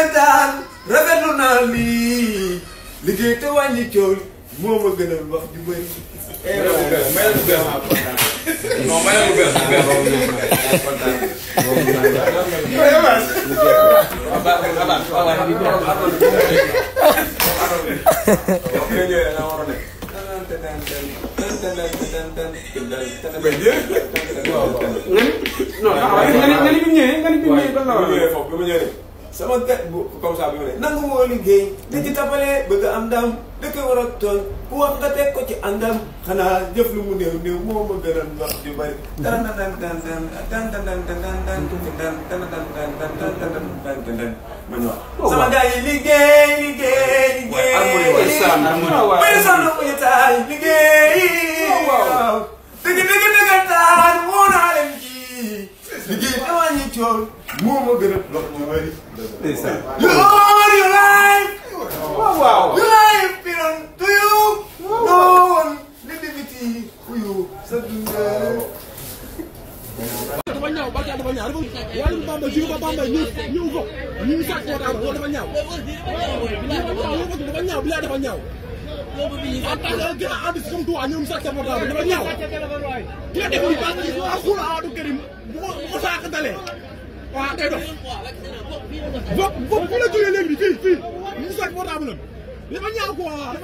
dëggantaan rafetlu na li liggéey te wàññi coow moo ma gënal wax ju bari non eh, may bu bees non sama kat bu comme ça bi ma ne nangu moo liggéey di ci tapalee bëgg am ndam dëkk war a toon ku wax nga teg ko ci àndam xanaa jëf lu mu néew néew moo ma gënal wax di bëri tan tan tan tan tan tan tan tan tan tan ma ñëwaat sama gars yi liggéey liggéey liggéey bëri sax na muñu taay liggéey waaw dëgg dëgg dëgg taan moo naa leen kii liggéey dawaa ñu coow moo ma gën a bloc memory. you own your life. waaw waaw. your life belong to you. no one liberty for you. sa dundal. dafa ñaaw barke dafa ñaaw dafa wàllum Bamba jiw ba Bamba ñëw ñëw ko ñu sàkk ko daal dafa ñaaw. dafa ñaaw bi laa dafa ñaaw. en tant que gën a ànd si comme toi ñoom sàkk ko daal dafa ñaaw. ki nga def ni parce que Alxuraanu Karim bu ko bu ko saaka dalee. les day va, bokk les quoi